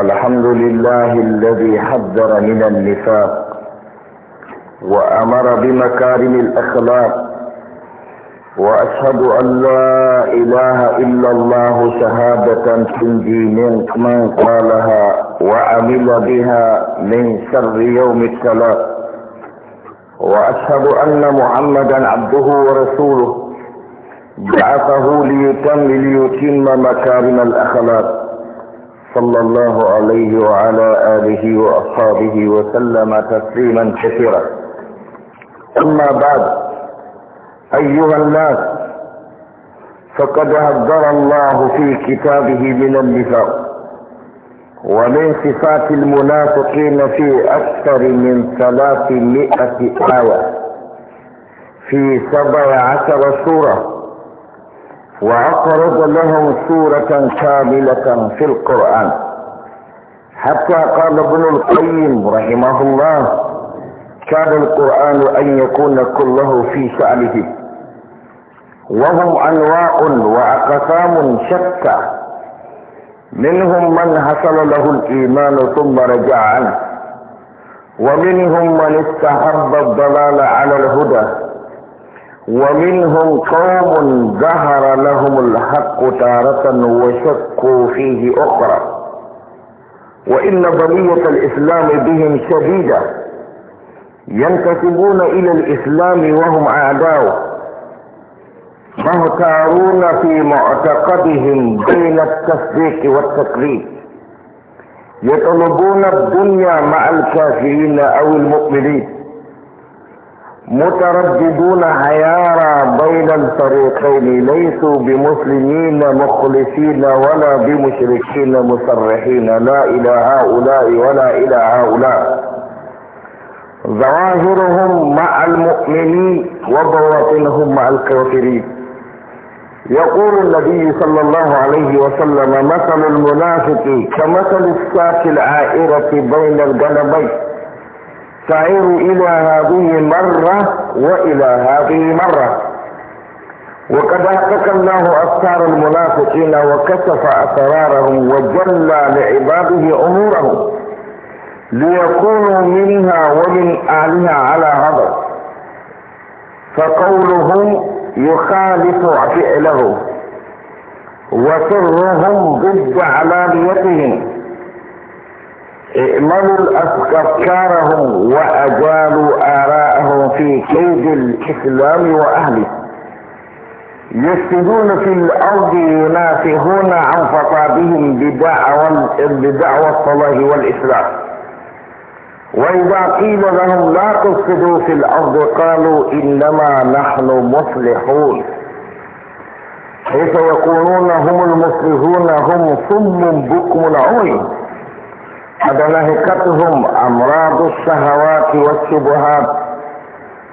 الحمد لله الذي حذر من النفاق وامر بمكارم الاخلاق واشهد ان لا اله الا الله شهاده تنجي من من قالها وعمل بها من شر يوم الثلاث واشهد ان محمدا عبده ورسوله بعثه ليتم ليتم مكارم الاخلاق صلى الله عليه وعلى آله وأصحابه وسلم تسليما كثيرا أما بعد أيها الناس فقد هدر الله في كتابه من النفاق ومن صفات المنافقين في أكثر من ثلاثمائة آية في سبع عشر سورة وعقرض لهم سورة كاملة في القرآن حتى قال ابن القيم رحمه الله كان القرآن أن يكون كله في شأنه وهم أنواع وأقسام شتى منهم من حصل له الإيمان ثم رجع عنه ومنهم من استحب الضلال على الهدى ومنهم قوم ظهر لهم الحق تارة وشكوا فيه أخرى وإن ضمية الإسلام بهم شديدة ينتسبون إلى الإسلام وهم أعداؤه مهتارون في معتقدهم بين التصديق والتكليف يطلبون الدنيا مع الكافرين أو المؤمنين مترددون عيارى بين الفريقين ليسوا بمسلمين مخلصين ولا بمشركين مصرحين لا إلى هؤلاء ولا إلى هؤلاء ظواهرهم مع المؤمنين وبواطنهم مع الكافرين يقول النبي صلى الله عليه وسلم مثل المنافق كمثل الساك العائرة بين الجنبين تعير إلى هذه مرة وإلى هذه مرة وقد أحقق الله أسرار المنافقين وكشف أسرارهم وجلى لعباده أمورهم ليكونوا منها ومن أهلها على هذا فقولهم يخالف فعله وسرهم ضد علانيتهم ائمنوا أفكارهم وأجالوا آراءهم في كيد الإسلام وأهله يفسدون في الأرض ينافهون عن فطابهم بدعوى بدعوى الصلاة والإسلام وإذا قيل لهم لا تفسدوا في الأرض قالوا إنما نحن مصلحون حيث يقولون هم المصلحون هم صم بكم عمي قد نهكتهم امراض الشهوات والشبهات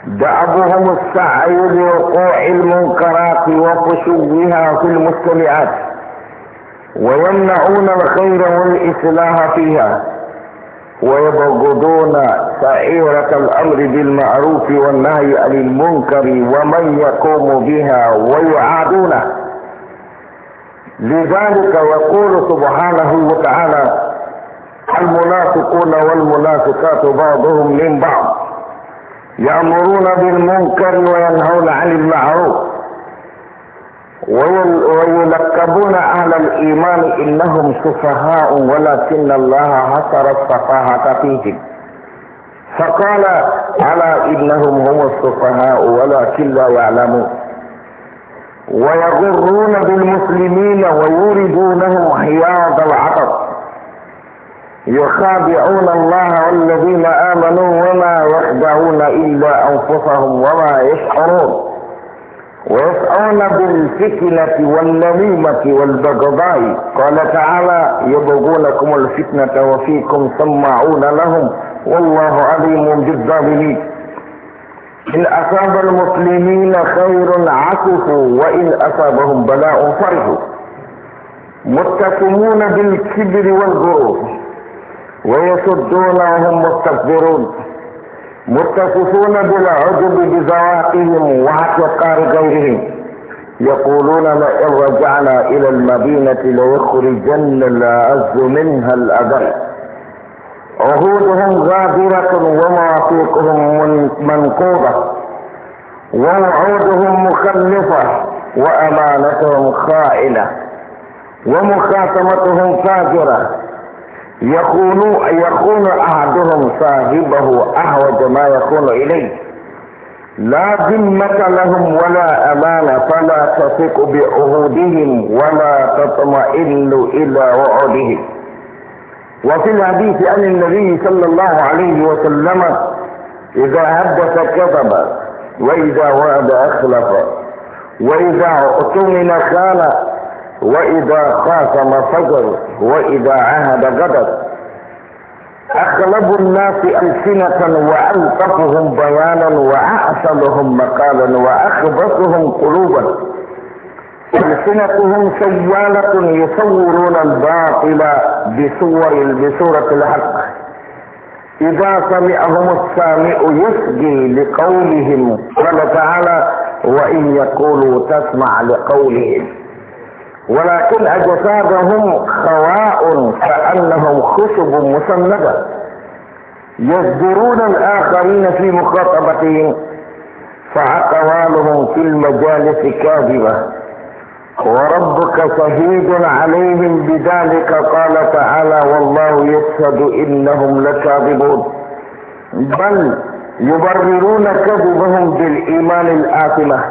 دعبهم السعي لوقوع المنكرات وخشوها في المجتمعات ويمنعون الخير والإصلاح فيها ويبغضون سعيرة الأمر بالمعروف والنهي عن المنكر ومن يقوم بها ويعادونه لذلك يقول سبحانه وتعالى المنافقون والمنافقات بعضهم من بعض يأمرون بالمنكر وينهون عن المعروف ويلقبون أهل الإيمان إنهم سفهاء ولكن الله حصر السفاهة فيهم فقال ألا إنهم هم السفهاء ولكن لا يعلمون ويغرون بالمسلمين ويوردونهم حياض العطب يخادعون الله والذين آمنوا وما يخدعون إلا أنفسهم وما يشعرون ويسعون بالفتنة والنميمة والبغضاء قال تعالى يبغونكم الفتنة وفيكم سماعون لهم والله عليم بالظالمين إن أصاب المسلمين خير عكفوا وإن أصابهم بلاء فرحوا متكمون بالكبر والغرور ويصدون وهم مستكبرون متصفون بالعجب بزواقهم واحتقار غيرهم يقولون لئن رجعنا الى المدينة ليخرجن الاعز منها الاذل عهودهم غادرة ومواثيقهم منقوبة ووعودهم مخلفة وامانتهم خائنة ومخاتمتهم فاجرة يكون يكون احدهم صاحبه احوج ما يكون اليه لا ذمة لهم ولا أمانة فلا تثق بعهودهم ولا تطمئن إلى وعودهم وفي الحديث عن النبي صلى الله عليه وسلم إذا حدث كذب وإذا وعد أخلف وإذا اؤتمن خان وإذا خاصم فجر وإذا عهد غدر أغلب الناس ألسنة وألطفهم بيانا وأعسلهم مقالا وأخبثهم قلوبا ألسنتهم سيالة يصورون الباطل بصور بصورة الحق إذا سمعهم السامع يسجي لقولهم قال تعالى وإن يقولوا تسمع لقولهم ولكن أجسادهم خواء كأنهم خشب مسندة يزدرون الآخرين في مخاطبتهم فأقوالهم في المجالس كاذبة وربك شهيد عليهم بذلك قال تعالى والله يشهد إنهم لكاذبون بل يبررون كذبهم بالإيمان الآثمة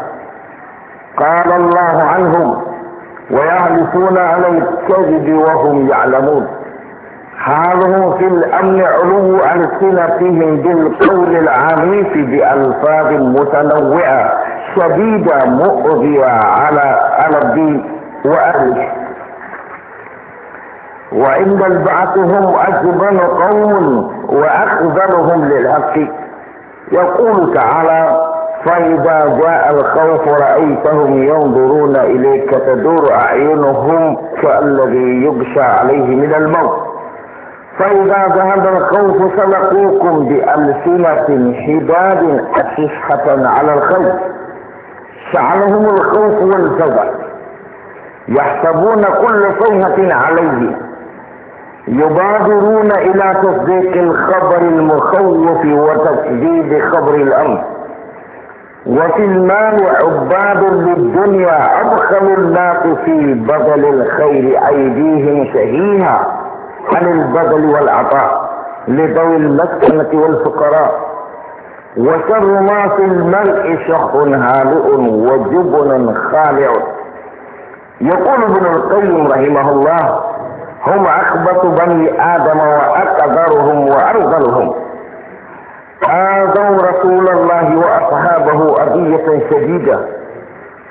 قال الله عنهم ويعرفون على الكذب وهم يعلمون حالهم في الامن علو السنتهم بالقول العنيف بالفاظ متنوعه شديده مؤذيه على على الدين واهله وان البعثهم اجبن قوم واخذلهم للحق يقول تعالى فإذا جاء الخوف رأيتهم ينظرون إليك تدور أعينهم كالذي يغشى عليه من الموت فإذا ذهب الخوف سلقوكم بألسنة حداد أشحة على الخوف شعلهم الخوف والفزع يحسبون كل صيحة عليه يبادرون إلى تصديق الخبر المخوف وتكذيب خبر الأمر وفي المال عباد للدنيا أبخل الناس في بذل الخير أيديهم شهيها عن البذل والعطاء لذوي المسكنة والفقراء وشر ما في المرء شح هالئ وجبن خالع يقول ابن القيم رحمه الله هم أخبث بني آدم وأكبرهم وأرذلهم قوية شديدة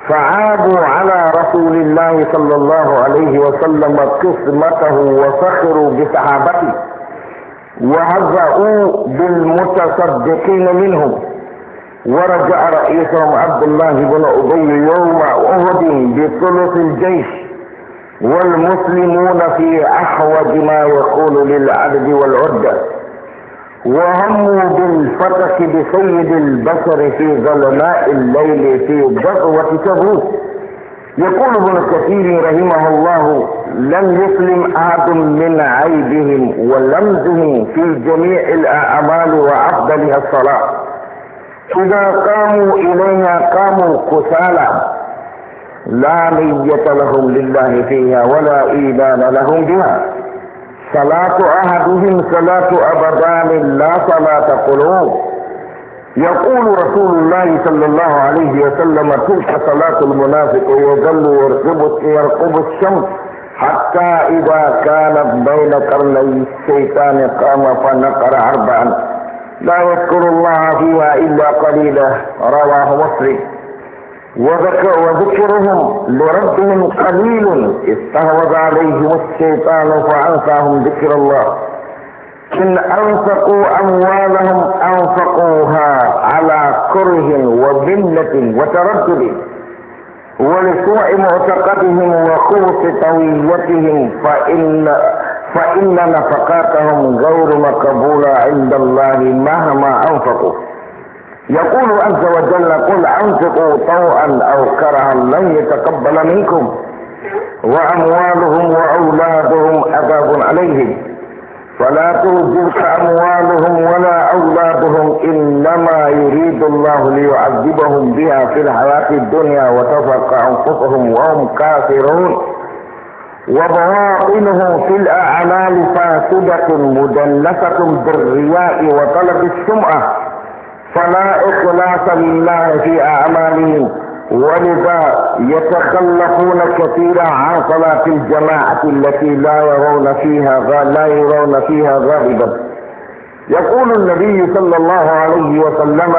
فعابوا على رسول الله صلى الله عليه وسلم قسمته وسخروا بصحابته وهزأوا بالمتصدقين منهم ورجع رئيسهم عبد الله بن أبي يوم أحد بثلث الجيش والمسلمون في أحوج ما يقول للعدد والعدة وهموا بالفتك بسيد البشر في ظلماء الليل في غزوة تبوك يقول ابن كثير رحمه الله لم يسلم أحد من عيبهم ولمزهم في جميع الأعمال وأفضلها الصلاة إذا قاموا إليها قاموا كسالى لا نية لهم لله فيها ولا إيمان لهم بها صلاة أحدهم صلاة أبدان لا صلاة قلوب يقول رسول الله صلى الله عليه وسلم تلك صلاة المنافق يظل يرقب يرقب الشمس حتى إذا كانت بين قرني الشيطان قام فنقر أربعا لا يذكر الله فيها إلا قليلا رواه مسلم وذكرهم لربهم قليل استهوذ عليهم الشيطان فأنساهم ذكر الله إن أنفقوا أموالهم أنفقوها على كره وذلة وتردد ولسوء معتقدهم وخبث طويتهم فإن فإن نفقاتهم غير مقبولة عند الله مهما أنفقوا يقول عز وجل قل انفقوا طوعا او كرها لن يتقبل منكم واموالهم واولادهم عذاب عليهم فلا تعجبك اموالهم ولا اولادهم انما يريد الله ليعذبهم بها في الحياه الدنيا وتفرق انفسهم وهم كافرون وبواطنه في الاعمال فاسده مدلسه بالرياء وطلب السمعه فلا إخلاص لله في أعمالهم ولذا يتخلفون كثيرا عن صلاة الجماعة التي لا يرون فيها لا يرون فيها غائبا يقول النبي صلى الله عليه وسلم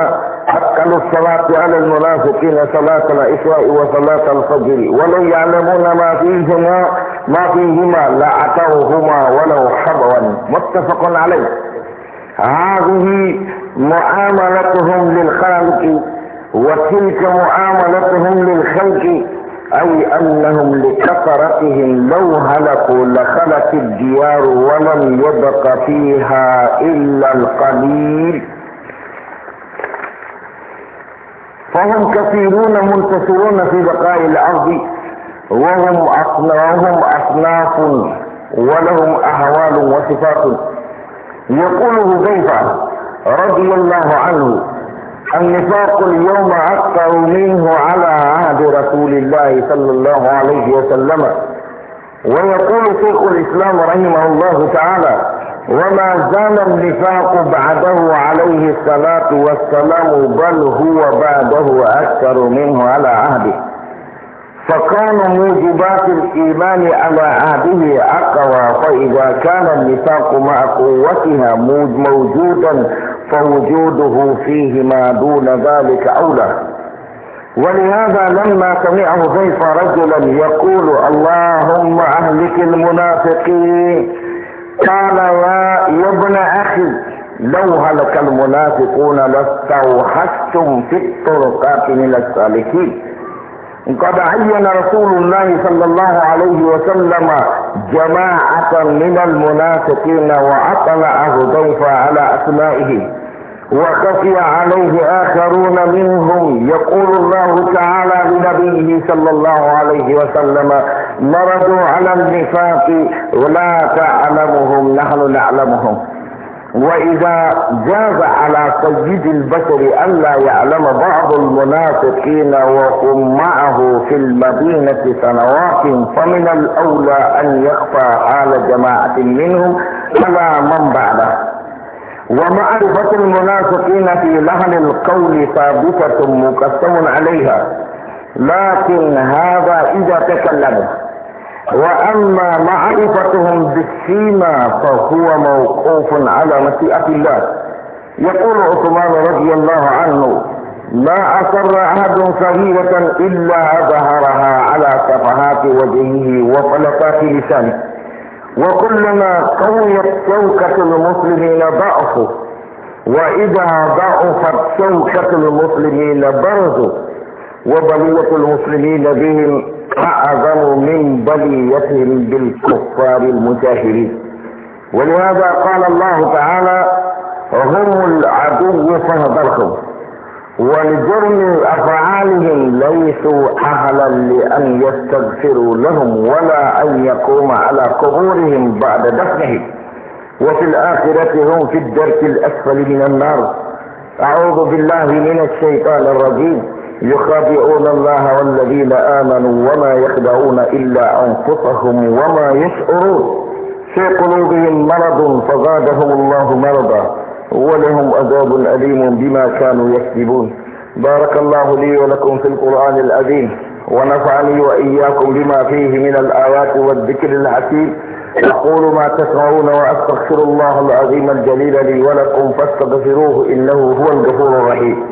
أثقل الصلاة على المنافقين صلاة العشاء وصلاة الفجر ولو يعلمون ما فيهما ما فيهما لأتوهما ولو حبوا متفق عليه هذه معاملتهم للخالق وتلك معاملتهم للخلق اي انهم لكثرتهم لو هلكوا لخلت الديار ولم يبق فيها الا القليل فهم كثيرون منتصرون في بقاء الارض وهم اصناف ولهم اهوال وصفات يقول هذيفة رضي الله عنه النفاق اليوم أكثر منه على عهد رسول الله صلى الله عليه وسلم ويقول شيخ الإسلام رحمه الله تعالى وما زال النفاق بعده عليه الصلاة والسلام بل هو بعده أكثر منه على عهده فكان موجبات الإيمان على عهده أقوى فإذا كان النفاق مع قوتها موجودا فوجوده فيهما دون ذلك أولى ولهذا لما سمعه ضيف رجلا يقول اللهم أهلك المنافقين قال يا ابن أخي لو هلك المنافقون لاستوحشتم في الطرقات من السالكين قد عين رسول الله صلى الله عليه وسلم جماعة من المنافقين وعطل أهدوف على أسمائه وخفي عليه آخرون منهم يقول الله تعالى لنبيه صلى الله عليه وسلم مرضوا على النفاق ولا تعلمهم نحن نعلمهم واذا جاز على سيد البشر الا يعلم بعض المنافقين وهم معه في المدينة سنوات فمن الاولى ان يخفى حال جماعة منهم على من بعده ومعرفة المنافقين في لحن القول ثابتة مقسم عليها لكن هذا اذا تكلموا واما معرفتهم بالسيما فهو موقوف على مشيئة الله يقول عثمان رضي الله عنه ما أسر أحد صغيرة إلا ظهرها على صفحات وجهه وفلقات لسانه وكلما قويت شوكة المسلمين ضعفوا وإذا ضعفت شوكة المسلمين برزوا وبلية المسلمين بهم أعظم من بليتهم بالكفار المجاهرين ولهذا قال الله تعالى هم العدو فاهدرهم ولجرم أفعالهم ليسوا أهلا لأن يستغفروا لهم ولا أن يقوم على قبورهم بعد دفنهم وفي الآخرة هم في الدرك الأسفل من النار أعوذ بالله من الشيطان الرجيم يخادعون الله والذين آمنوا وما يخدعون إلا أنفسهم وما يشعرون في قلوبهم مرض فزادهم الله مرضا ولهم عذاب أليم بما كانوا يكذبون بارك الله لي ولكم في القرآن العظيم ونفعني وإياكم بما فيه من الآيات والذكر الحكيم أقول ما تسمعون وأستغفر الله العظيم الجليل لي ولكم فاستغفروه إنه هو الغفور الرحيم